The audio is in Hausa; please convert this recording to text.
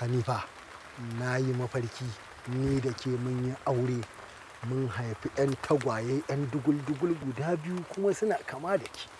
hanifa na yi mafarki ni da ke mun yi aure mun haifi 'yan tagwaye 'yan dugul-dugul guda biyu kuma suna kama da ke.